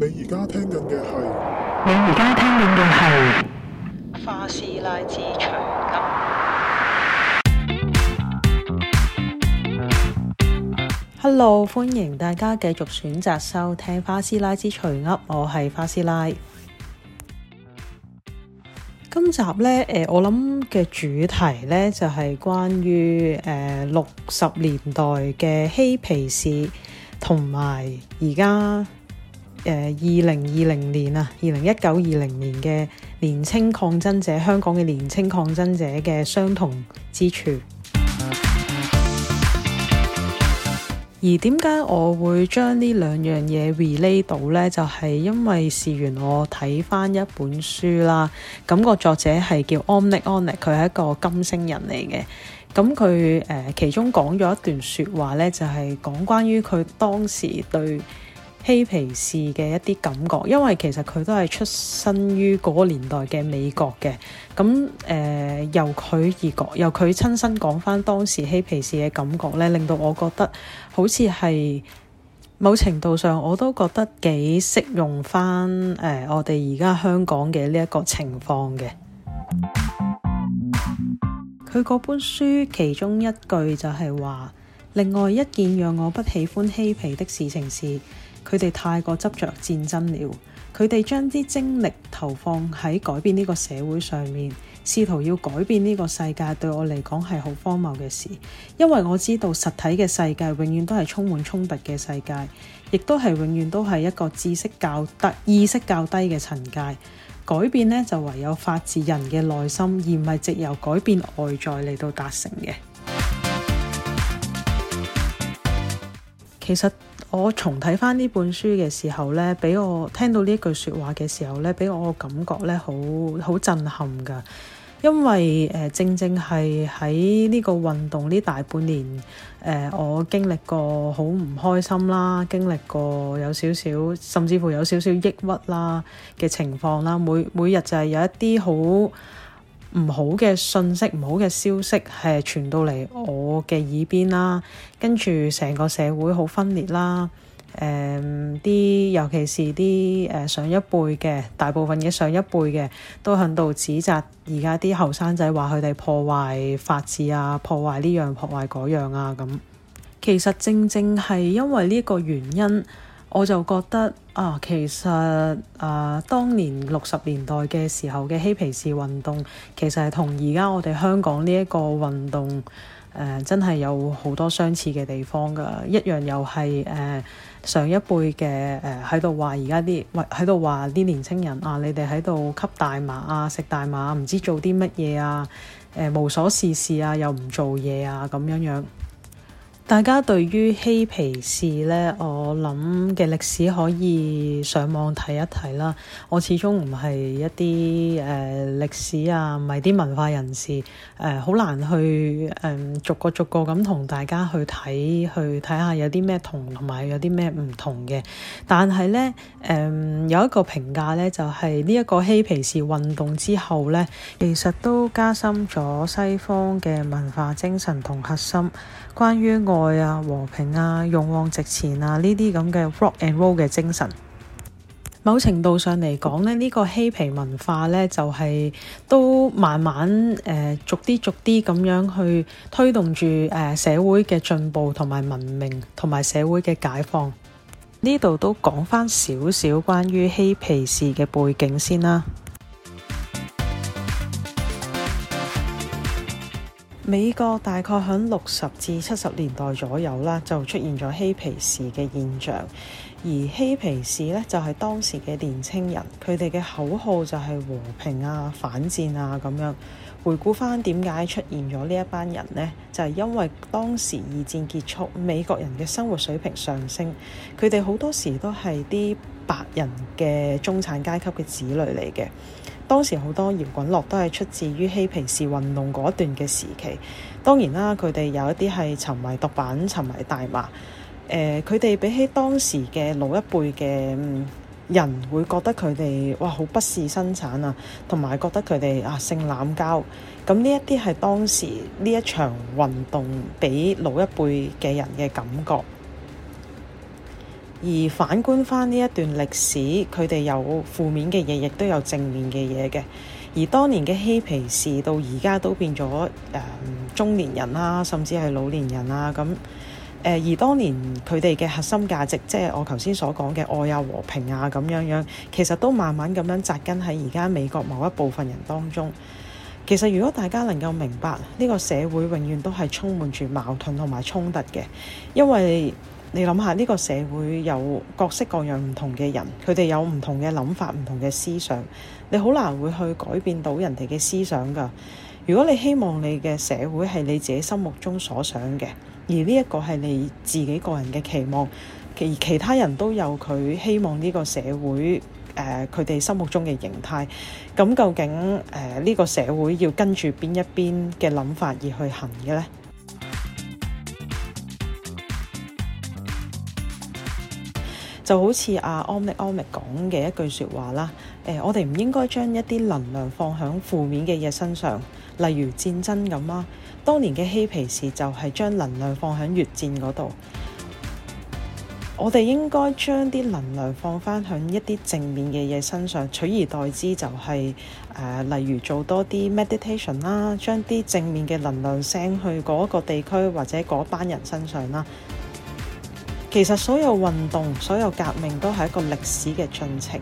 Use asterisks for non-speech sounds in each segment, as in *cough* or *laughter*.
你而家聽緊嘅係你而家聽緊嘅係花師奶之長噏。Hello，歡迎大家繼續選擇收聽花師奶之長噏。我係花師奶。今集呢，誒，我諗嘅主題呢，就係關於，誒六十年代嘅嬉皮士，同埋而家。誒二零二零年啊，二零一九二零年嘅年青抗爭者，香港嘅年青抗爭者嘅相同之處。 *music* 而點解我會將呢兩樣嘢 relate 到呢？就係、是、因為事緣我睇翻一本書啦，咁、那個作者係叫 Omnec Onec，佢係一個金星人嚟嘅。咁佢誒其中講咗一段說話呢，就係、是、講關於佢當時對。嬉皮士嘅一啲感覺，因為其實佢都係出身於嗰年代嘅美國嘅。咁誒、呃，由佢而講，由佢親身講翻當時嬉皮士嘅感覺咧，令到我覺得好似係某程度上我都覺得幾適用翻誒、呃、我哋而家香港嘅呢一個情況嘅。佢嗰 *music* 本書其中一句就係話，另外一件讓我不喜歡嬉皮的事情是，佢哋太過執着戰爭了，佢哋將啲精力投放喺改變呢個社會上面，試圖要改變呢個世界，對我嚟講係好荒謬嘅事。因為我知道實體嘅世界永遠都係充滿衝突嘅世界，亦都係永遠都係一個知識較低、意識較低嘅層階。改變呢，就唯有發自人嘅內心，而唔係藉由改變外在嚟到達成嘅。其實我重睇翻呢本書嘅時候呢，俾我聽到呢句説話嘅時候呢，俾我個感覺呢，好好震撼噶。因為誒、呃、正正係喺呢個運動呢，大半年，呃、我經歷過好唔開心啦，經歷過有少少，甚至乎有少少抑鬱啦嘅情況啦。每每日就係有一啲好唔好嘅信息，唔好嘅消息係傳到嚟我嘅耳邊啦，跟住成個社會好分裂啦。誒、嗯，啲尤其是啲誒上一輩嘅，大部分嘅上一輩嘅都喺度指責而家啲後生仔話佢哋破壞法治啊，破壞呢樣破壞嗰樣啊咁。其實正正係因為呢個原因。我就覺得啊，其實啊，當年六十年代嘅時候嘅嬉皮士運動，其實係同而家我哋香港呢一個運動誒、呃，真係有好多相似嘅地方㗎。一樣又係誒上一輩嘅誒喺度話，而家啲喺度話啲年輕人啊，你哋喺度吸大麻啊，食大麻，唔知做啲乜嘢啊，誒、啊呃、無所事事啊，又唔做嘢啊，咁樣樣。大家對於嬉皮士呢，我諗嘅歷史可以上網睇一睇啦。我始終唔係一啲誒歷史啊，唔係啲文化人士誒，好、呃、難去誒、呃、逐個逐個咁同大家去睇，去睇下有啲咩同，同埋有啲咩唔同嘅。但係呢，誒、呃、有一個評價呢，就係呢一個嬉皮士運動之後呢，其實都加深咗西方嘅文化精神同核心。關於愛啊，和平啊，勇往直前啊，呢啲咁嘅 rock and roll 嘅精神，某程度上嚟講呢，呢、這個嬉皮文化呢，就係、是、都慢慢、呃、逐啲逐啲咁樣去推動住誒、呃、社會嘅進步同埋文明同埋社會嘅解放。呢度都講翻少少關於嬉皮士嘅背景先啦。美國大概喺六十至七十年代左右啦，就出現咗嬉皮士嘅現象。而嬉皮士呢，就係當時嘅年青人，佢哋嘅口號就係和平啊、反戰啊咁樣。回顧返點解出現咗呢一班人呢？就係因為當時二戰結束，美國人嘅生活水平上升，佢哋好多時都係啲白人嘅中產階級嘅子女嚟嘅。當時好多搖滾樂都係出自於嬉皮士運動嗰一段嘅時期。當然啦，佢哋有一啲係沉迷毒品、沉迷大麻。誒、呃，佢哋比起當時嘅老一輩嘅人，會覺得佢哋哇好不事生產啊，同埋覺得佢哋啊性濫交。咁呢一啲係當時呢一場運動俾老一輩嘅人嘅感覺。而反觀翻呢一段歷史，佢哋有負面嘅嘢，亦都有正面嘅嘢嘅。而當年嘅嬉皮士到而家都變咗誒、嗯、中年人啦、啊，甚至係老年人啦、啊。咁誒、呃，而當年佢哋嘅核心價值，即係我頭先所講嘅愛啊、和平啊咁樣樣，其實都慢慢咁樣扎根喺而家美國某一部分人當中。其實如果大家能夠明白呢、呢個社會永遠都係充滿住矛盾同埋衝突嘅，因為你諗下呢、這個社會有各式各樣唔同嘅人，佢哋有唔同嘅諗法、唔同嘅思想，你好難會去改變到人哋嘅思想㗎。如果你希望你嘅社會係你自己心目中所想嘅，而呢一個係你自己個人嘅期望，其其他人都有佢希望呢個社會誒佢哋心目中嘅形態，咁究竟誒呢、呃這個社會要跟住邊一邊嘅諗法而去行嘅咧？就好似阿、啊、Omni Omni 講嘅一句說話啦，誒、呃，我哋唔應該將一啲能量放響負面嘅嘢身上，例如戰爭咁啦。當年嘅嬉皮士就係將能量放響越戰嗰度。我哋應該將啲能量放翻響一啲正面嘅嘢身上，取而代之就係、是、誒、呃、例如做多啲 meditation 啦，將啲正面嘅能量送去嗰個地區或者嗰班人身上啦。其實所有運動、所有革命都係一個歷史嘅進程，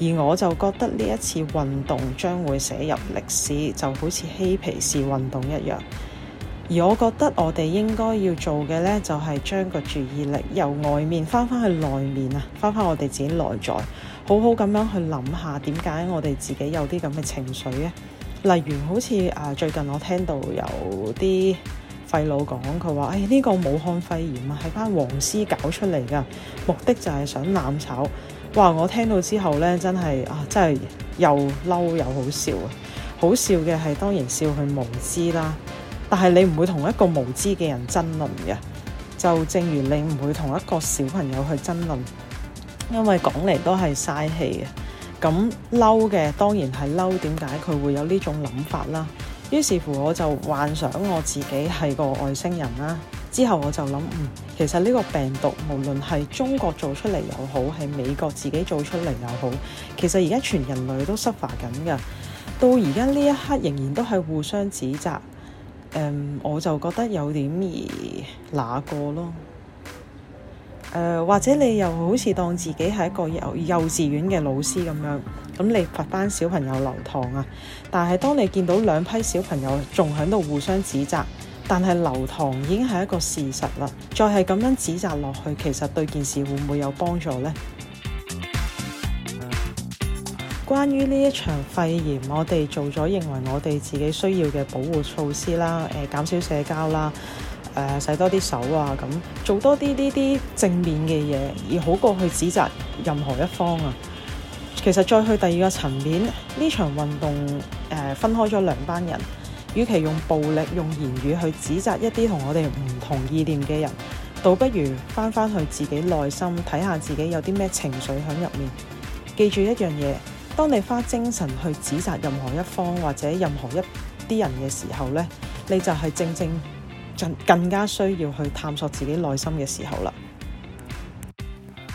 而我就覺得呢一次運動將會寫入歷史，就好似嬉皮士運動一樣。而我覺得我哋應該要做嘅呢，就係、是、將個注意力由外面翻返去內面啊，翻返我哋自己內在，好好咁樣去諗下，點解我哋自己有啲咁嘅情緒呢？例如好似啊，最近我聽到有啲。費佬講，佢話：哎，呢個武漢肺炎啊係班黃絲搞出嚟㗎，目的就係想攬炒。哇！我聽到之後呢，真係啊，真係又嬲又好笑啊！好笑嘅係當然笑佢無知啦，但係你唔會同一個無知嘅人爭論嘅，就正如你唔會同一個小朋友去爭論，因為講嚟都係嘥氣嘅。咁嬲嘅當然係嬲，點解佢會有呢種諗法啦？於是乎我就幻想我自己係個外星人啦、啊。之後我就諗，嗯，其實呢個病毒無論係中國做出嚟又好，係美國自己做出嚟又好，其實而家全人類都 suffer 緊㗎。到而家呢一刻仍然都係互相指責。誒、嗯，我就覺得有點兒哪個咯。誒、呃，或者你又好似當自己係一個幼幼稚園嘅老師咁樣。咁你罰班小朋友留堂啊？但係當你見到兩批小朋友仲響度互相指責，但係留堂已經係一個事實啦。再係咁樣指責落去，其實對件事會唔會有幫助咧？嗯、關於呢一場肺炎，我哋做咗認為我哋自己需要嘅保護措施啦，誒、呃，減少社交啦，誒、呃，洗多啲手啊，咁做多啲呢啲正面嘅嘢，而好過去指責任何一方啊。其實再去第二個層面，呢場運動誒、呃、分開咗兩班人，與其用暴力、用言語去指責一啲同我哋唔同意念嘅人，倒不如翻翻去自己內心，睇下自己有啲咩情緒響入面。記住一樣嘢，當你花精神去指責任何一方或者任何一啲人嘅時候呢，你就係正正正更加需要去探索自己內心嘅時候啦。